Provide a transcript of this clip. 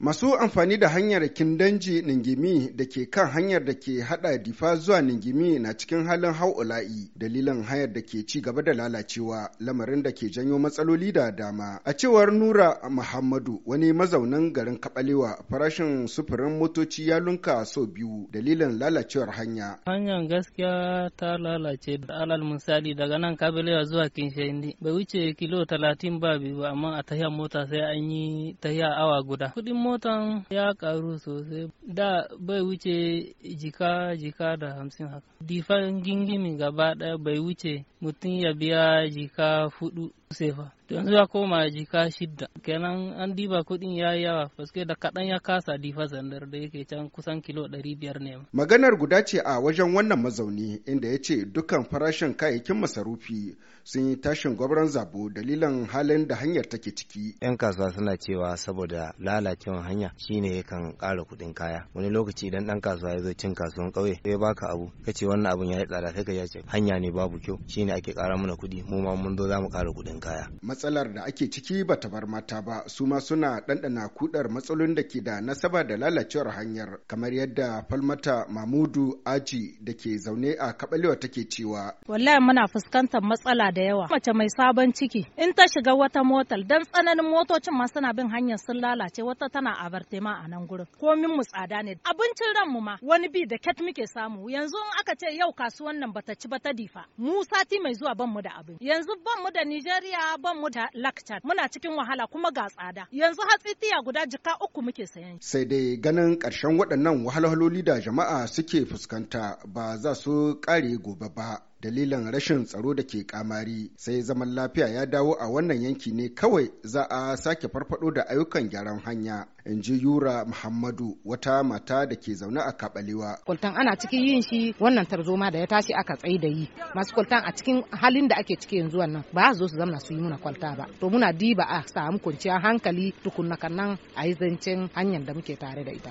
Masu amfani da hanyar Kindanji Ningimi da ke kan hanyar da ke hada difa zuwa Ningimi na cikin halin hau'ula'i dalilin hayar da ke ci gaba da lalacewa lamarin da ke janyo matsaloli da dama. A cewar Nura Muhammadu wani mazaunin garin Kabalewa farashin sufurin motoci ya lunka sau biyu dalilin lalacewar hanya. Hanyar gaskiya ta lalace da alal misali daga nan Kabalewa zuwa Kinshendi bai wuce kilo talatin ba biyu amma a tahiyar mota sai an yi tahiya awa guda. Kudin motan ya karu sosai da bai wuce jika jika da hamsin haka difan gingimi gaba daya bai wuce mutum ya biya jika hudu sefa to yanzu ya koma ka shidda kenan an diba kuɗin ya yi yawa faske da kaɗan ya kasa difa sandar da yake can kusan kilo ɗari biyar ne maganar guda ce a wajen wannan mazauni inda ya ce dukkan farashin kayayyakin masarufi sun yi tashin gwabran zabo dalilan halin da hanyar take ciki yan kasuwa suna cewa saboda lalacewar hanya shine yakan ƙara kuɗin kaya wani lokaci idan ɗan kasuwa ya zo cin kasuwan ƙauye ya baka abu kace wannan abun ya yi tsada sai ka ya ce hanya ne babu kyau shine ake ƙara mana kuɗi mu ma mun zo za mu ƙara kuɗin kaya. Matsalar da ake ciki ba ta bar mata ba su ma suna ɗanɗana kudar matsalolin da ke da nasaba da lalacewar hanyar kamar yadda falmata Mamudu Aji da ke zaune a Kabalewa take cewa. Wallahi muna fuskantar matsala da yawa. Mace mai sabon ciki in ta shiga wata motal, dan tsananin motocin ma suna bin hanyar sun lalace wata tana abartema a nan gurin. Komin mu tsada ne. Abincin ran mu ma wani bi da ket muke samu yanzu in aka ce yau kasuwan nan bata ci ba ta difa. Mu sati mai zuwa ban mu da abin. Yanzu ban mu da Nijeriya. tsiya ban mu da lactate muna cikin wahala kuma ga tsada. Yanzu hatsi tiya guda jika uku muke sayan. Sai dai ganin karshen waɗannan wahalhaloli da jama'a suke fuskanta ba za su ƙare gobe ba. dalilan rashin tsaro da ke kamari sai zaman lafiya ya dawo a wannan yanki ne kawai za a sake farfado da ayyukan gyaran hanya in ji yura muhammadu wata mata da ke zaune a kabalewa kwaltan ana cikin yin shi wannan tarzoma da ya tashi aka tsayi da yi masu kwaltan a cikin halin da ake ciki yanzu wannan ba su zo su zama su yi muna kwalta ba to muna diba a samu kwanciyar hankali tukunna kannan a yi zancen hanyar da muke tare da ita